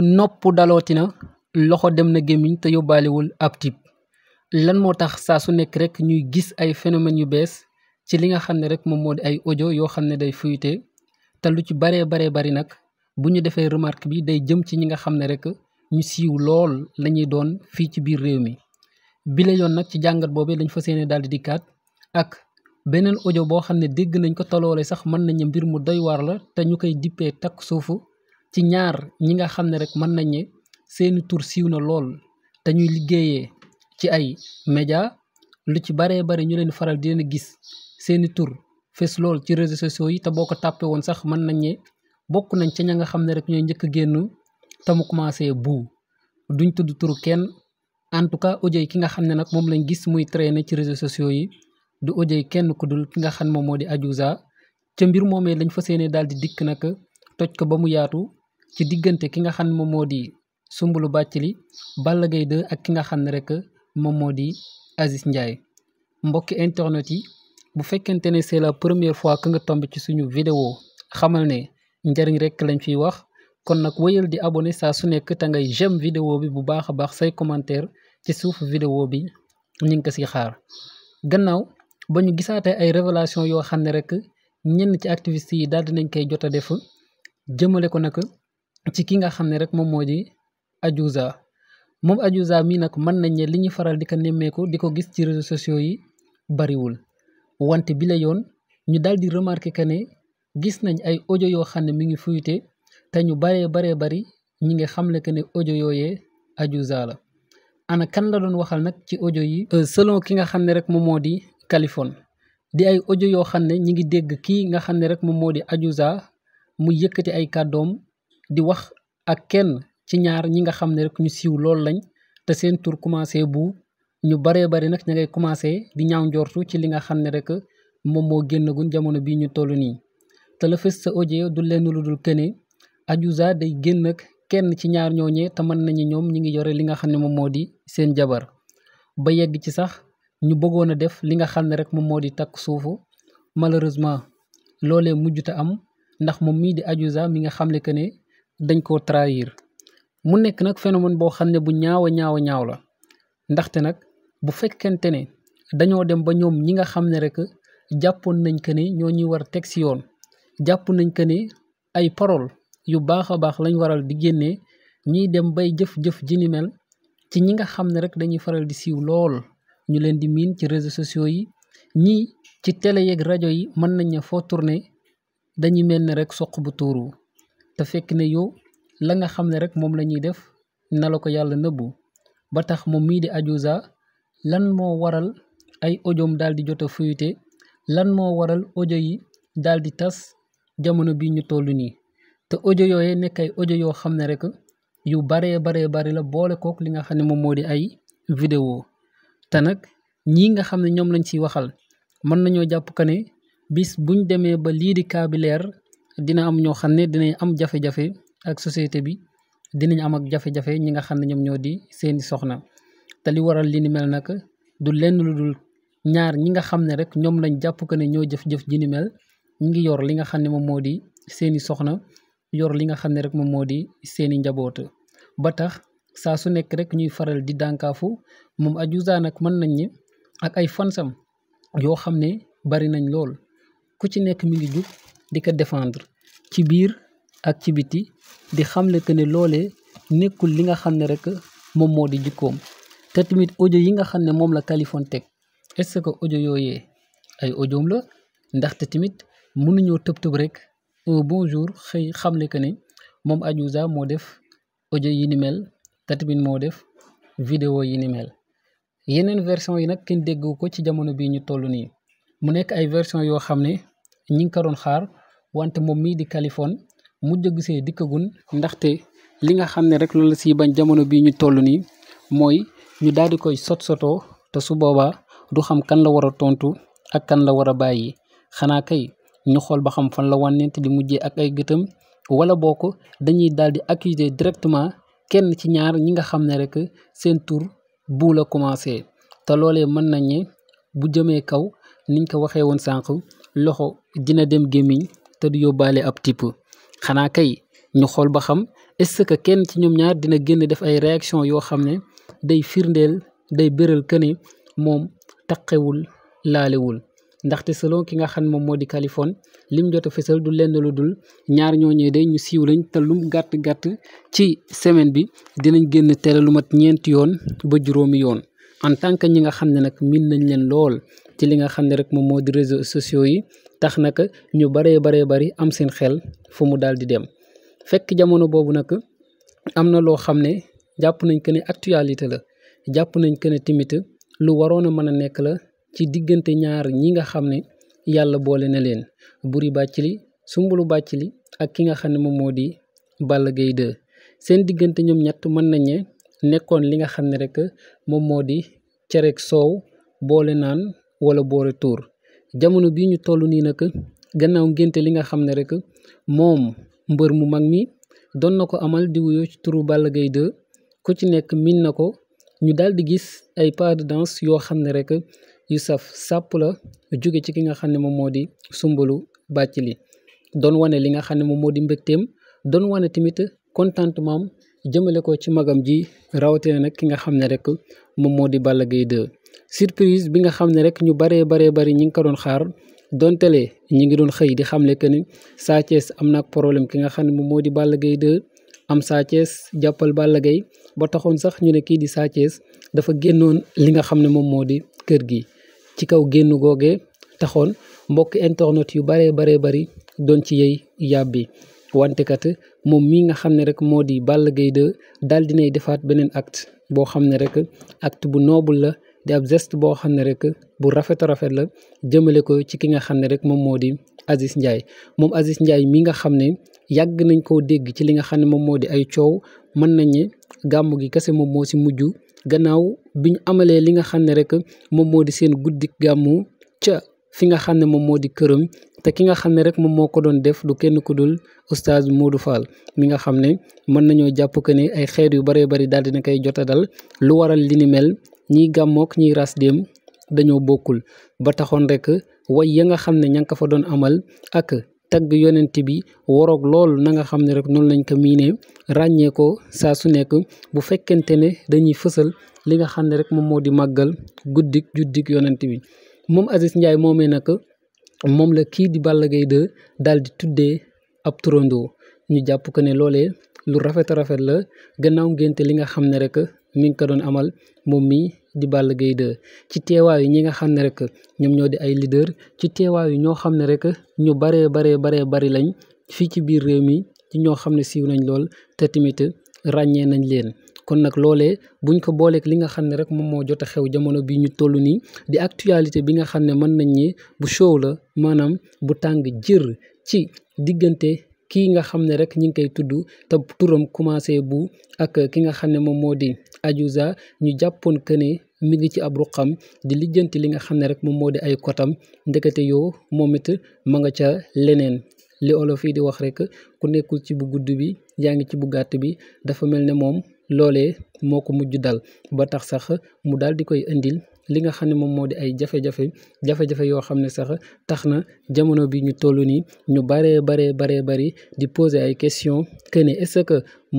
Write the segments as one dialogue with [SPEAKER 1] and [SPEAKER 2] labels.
[SPEAKER 1] nopp dalooti na loxo dem na gémmiñ te yóbbaalewul ab tibb lan moo tax saa su nekk rek ñuy gis ay phénomènes yu bees ci li nga xam ne rek moom moo di ay ojo yoo xam ne day fuyute te lu ci baree baree bari nag bu ñu defee remarque bi day jëm ci ñi nga xam ne rek ñu siiw lool lañuy doon fii ci biir réew mi bile yoon nag ci jàngat boobu dañ fa yéene daal di kaat ak beneen ojo boo xam ne dégg nañ ko taloole sax mën nañu mbir mu doy waar la te ñu koy takk suufu ci ñaar ñi nga xam ne rek mën nañ ne seeni tur siiw na lool te ñuy liggéeyee ci ay média lu ci baree bari ñu leen faral di leen gis seeni tur fees lool ci réseaux sociaux yi te boo ko tàppee woon sax mën nañ ne bokk nañ ca ña nga xam ne rek ñooy njëkk génn te mu commencé bu duñ tudd turu kenn en tout cas audio yi ki nga xam ne nag moom lañ gis muy traîner ci réseaux sociaux yi du audio yi kenn ku dul ki nga xam moom moo di Adiouza ca mbir moomee lañ fa yéene daal di dikk nag toj ko ba mu yaatu ci diggante ki nga xam ne moom moo di bàcc li Balla Gaye 2 ak ki nga xam ne rek moom moo di Aziz Ndiaye mbokki internet yi bu fekkente ne c'est la première fois que nga tombé ci suñu vidéo xamal ne njëriñ rek lañ fiy wax kon nag wéyal di abonné saa su nekk ngay j'aime vidéo bi bu baax a baax say commentaire ci suufu vidéo bi ñu ngi ko si xaar gannaaw ba ñu gisaatee ay révélation yoo xam ne rek ñenn ci activistes yi daal nañ koy jot a def jëmale ko nag ci ki nga xam ne rek moom moo di Adiouza moom Adiouza mii nag mën nañ li ñu faral di ko nemmeeku di ko gis ci réseaux sociaux yi bariwul wante bi la yoon ñu daal di remarqué que ne gis nañ ay ojo yoo xam ne mi ngi fuyute te ñu baree baree bari ñi nga xamle que ne ojo yooye Adiouza la ana kan la doon waxal nag ci ojo yi. Euh, selon ki nga xam ne rek moom moo di Californie di ay ojo yoo xam ne ñi ngi dégg kii nga xam ne rek moom moo di Adiouza mu yëkkati ay kàddoom. di wax ak kenn ci ñaar ñi nga xam ne rek ñu siiw lool lañ te seen tur commencé bu ñu baree bari nag ña ngay commencé di ñaaw njortu ci li nga xam ne rek moom moo génnagun jamono bii ñu toll nii te la fës sa audio du lenn lu dul kene Adiouza day génn ak kenn ci ñaar ñooñee te mën nañu ñoom ñi ngi yore li nga xam ne moom moo di seen jabar ba yegg ci sax ñu bëggoon a def li nga xam ne rek moom moo di takk suufu malheureusement loolee mujj te am ndax moom mii di Adiouza mi nga xam ne que ne dañ koo trair mu nekk nag phénomène boo xam ne bu ñaaw ñaaw ñaaw la ndaxte nag bu fekkente ne dañoo dem ba ñoom ñi nga xam ne rek jàppoon nañ que ne ñoo ñuy war teg si yoon jàpp nañ que ne ay parole yu baax a baax lañ waral di génnee ñiy dem bay jëf ji ni mel ci ñi nga xam ne rek dañuy faral di siiw lool ñu leen di miin ci réseaux sociaux yi ñii ci télé yeeg rajo yi mën nañ ne foo tourné dañuy mel ne rek soq bu tuuru te fekk ne yow la nga xam ne rek moom la ñuy def na la ko yàlla nëbbu ba tax moom mii di Adiouza lan moo waral ay audiom daal di jot a fuyute lan moo waral ojo yi daal di tas jamono bi ñu toll nii te ojo yooyu nekk ay audio yoo xam ne rek yu baree baree bari la boole kook li nga xam ne moom moo di ay vidéo te nag ñi nga xam ne ñoom lañ ciy waxal mën nañoo jàpp que ne bis buñ demee ba lii di kaa leer dina am ñoo xam ne dinañ am jafe-jafe ak société bi dinañ am ak jafe-jafe ñi nga xam ne ñoom ñoo di seeni soxna te li waral li ni mel nag du lenn lu dul ñaar ñi nga xam ne rek ñoom lañ jàpp ko ne ñoo jëf-jëf ji ni mel ñu ngi yor li nga xam ne moom moo di seeni soxna yor li nga xam ne rek moom moo di seeni njaboot ba tax saa su nekk rek ñuy faral di dànkaafu moom Adiouza nag mën nañ ni ak ay fansam yoo xam ne bari nañ lool ku ci nekk mi ngi jug di ko défendre ci biir ak ci biti di xamle que ne loole nekkul li nga xam ne rek moom moo di jikkoom te ojo yi nga xam ne moom la Kaliphone teg est-ce que ojo yooyee ay audioom la ndaxte tamit mënuñoo tëb tëb rek un bonjour xëy xamle que ne moom Adiouza moo def ojo yi ni mel te moo def vidéo yi ni mel yeneen version yi nag kenn déggu ko ci jamono bii ñu toll nii mu nekk ay version yoo xam ne ñi ngi ko doon xaar. wante moom mii di Kaliphone mujj gisee dikkagun ndaxte li nga xam ne rek loolu si bañ jamono bii ñu toll nii mooy ñu daal di koy sot sotoo te su boobaa du xam kan la war a tontu ak kan la war a bàyyi xanaa kay ñu xool ba xam fan la wànnent di mujjee ak ay gëtam wala boo ko dañuy daal di accuser directement kenn ci ñaar ñi nga xam ne rek seen tur buula la commencé te loolee mën nañ bu jëmee kaw niñ ko waxee woon sànq loxo dina dem gémmiñ te du yóbbaale ab type xanaa kay ñu xool ba xam est ce que kenn ci ñoom ñaar dina génn def ay réaction yoo xam ne day firndeel day béral que moom taqewul laalewul ndaxte selon ki nga xam moom moo di Kaliphone lim jot a fësal du lenn lu dul ñaar ñooñee day ñu siiw lañ te lum gàtt gàtt ci semaine bi dinañ génn télé lu mat ñeenti yoon ba juróomi yoon. en tant que ñi nga xam ne nag miin nañ leen lool ci li nga xam ne rek moom moo di réseaux sociaux yi tax nag ñu baree baree bari am seen xel fu mu daal di dem fekk jamono boobu nag am na loo xam ne jàpp nañ que ne actualité la jàpp nañ que ne tamit lu waroon a mën a nekk la ci diggante ñaar ñi nga xam ne yàlla boole na leen Boury Bathily bàcc li ak ki nga xam ne moom moo di Balla Gaye 2 seen diggante ñoom ñett mën nañ ne nekkoon li nga xam ne rek moom moo di cereeg soow boole naan wala boole tour jamono bii ñu toll nii nag gannaaw ngénte li nga xam ne rek moom mbër mu mag mi doon na ko amal di wuyoo ci turu Balla Gaye 2 ku ci nekk min na ko ñu daal di gis ay pas de danse yoo xam ne rek yu saf sàpp la jóge ci ki nga xam ne moom moo di sumbalu bàcc li doon wane li nga xam ne moom moo di mbégteem doon wane tamit contentement jëmale ko ci magam ji rawatina nag ki nga xam ne rek moom moo di Balla Gaye 2 surprise bi nga xam ne rek ñu baree baree bari ñi ngi ko doon xaar dontelee ñu ngi doon xëy di xamle que ni Sa Thiès am na problème ki nga xam ne moom moo di Balla Gaye 2 am Sa jàppal Balla Gaye ba taxoon sax ñu ne kii di Sa dafa génnoon li nga xam ne moom moo di kër gi ci kaw génn googee taxoon mbokk internet yu baree baree bari doon ci yey yàbbi wante kat moom mii nga xam ne rek moo di Balla Gaye 2 daal dinay defaat beneen acte boo xam ne rek act bu noble la di ab gest boo xam ne rek bu rafet a rafet la jëmale ko ci ki nga xam ne rek moom moo di Aziz njaay moom Aziz Ndiaye mi nga xam ne yàgg nañ koo dégg ci li nga xam ne moom moo di ay coow mën nañ ne gàmmu gi kese moom moo si mujj gannaaw bi ñu amalee li nga xam ne rek moom moo di seen guddi gàmmu ca fi nga xam ne moom moo di këram te ki nga xam ne rek moom moo ko doon def du kenn ku dul oustaz Modou Fall mi nga xam ne mën nañoo jàpp que ne ay xeet yu bëree bëri daal dina koy jot a lu waral li mel ñiy gàmmook ñiy ras dem dañoo bokkul ba taxoon rek way ya nga xam ne ña ko fa doon amal ak tagg yonent bi waroog loolu na nga xam ne rek noonu lañ ko miinee ràññee saa su nekk bu fekkente ne dañuy fësal li nga xam ne rek moom moo di màggal guddik juddik yonent bi moom Aziz Ndiaye moomee nag moom la kii di Balla Gaye 2 daal di tuddee ab turandoo ñu jàpp ko ne loole lu rafet a rafet la gannaaw ngénte li nga xam ne rek mi ngi ko doon amal moom mii di Balla Gaye 2 ci teewaayu ñi nga xam ne rek ñoom ñoo di ay leader ci teewaayu ñoo xam ne rek ñu baree baree baree bari lañ fii ci biir réew mi ci ñoo xam ne siiw nañ lool te tamit ràññee nañ leen. kon nag loole buñ ko booleek li nga xam ne rek moom moo jot a xew jamono bi ñu toll nii di actualité bi nga xam ne mën nañ ñi bu show la maanaam bu tàng jër ci diggante kii nga xam ne rek ñi ngi koy tudd te turam commencé bu ak ki nga xam ne moom moo di Adiouza ñu jàppoon que ne mi ngi ci ab ruqam di lijjanti li nga xam ne rek moom moo di ay kotam ndekete yoo moom it mu nga ca leneen li olof yi di wax rek ku nekkul ci bu gudd bi yaa ngi ci bu gàtt bi dafa mel ne moom loolee moo ko mujj dal ba tax sax mu daal di koy indil li nga xam ne moom moo di ay jafe-jafe jafe-jafe yoo xam ne sax tax na jamono bi ñu toll nii ñu baree baree baree bari di poser ay question que ne est-ce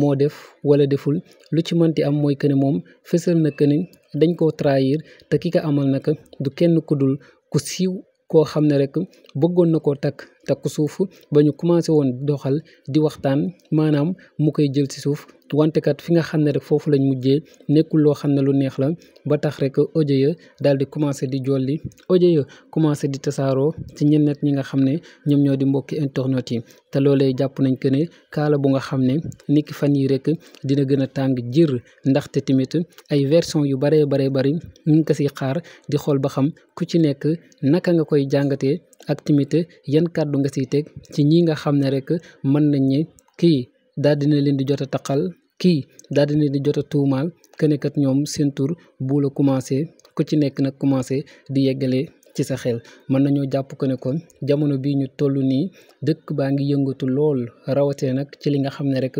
[SPEAKER 1] moo def wala deful lu ci mënti am mooy que ne moom fësal na que ne dañ koo trahir te ki ko amal naka du kenn ku dul ku siiw koo xam ne rek bëggoon na koo takk takk suuf ba ñu commencé woon doxal di waxtaan maanaam mu koy jël ci suuf wante kat fi nga xam ne rek foofu lañ mujjee nekkul loo xam ne lu neex la ba tax rek audio ya daal di commencé di jolli audio ya commencé di tasaaroo ci ñennet ñi nga xam ne ñoom ñoo di mbokki internet yi te loolee jàpp nañ ko ne kaala bu nga xam ne niki fan yi rek dina gën a tàng jër ndaxte tamit ay version yu baree baree bari ñu ngi ko siy xaar di xool ba xam ku ci nekk naka nga koy jàngatee activité tamit yan kàddu nga siy teg ci ñi nga xam ne rek mën nañ kii daal dina leen di jot a taqal kii daal dina leen di jot a tuumaal kenekat ñoom seen tur bu la commencé ku ci nekk nag commencé di yeggale ci sa xel mën nañoo jàpp ko ne kon jamono bii ñu toll nii dëkk baa ngi yëngatu lool rawatina nag ci li nga xam ne rek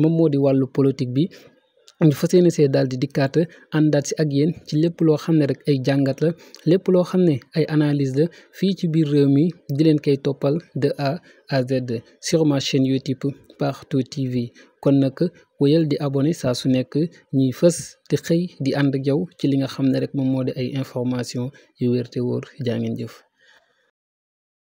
[SPEAKER 1] moom moo di wàllu politique bi ñu fas yéene see daal di dikkaat àndaat si ak yéen ci lépp loo xam ne rek ay jàngat la lépp loo xam ne ay analyse la fii ci biir réew mi di leen koy toppal d A à Z sur ma chaîne Partout TV kon nag wéyal di abonné saa su nekk ñuy fës di xëy di ànd ak yow ci li nga xam ne rek moom moo di ay information yu wér te wóor jaa ngeen jëf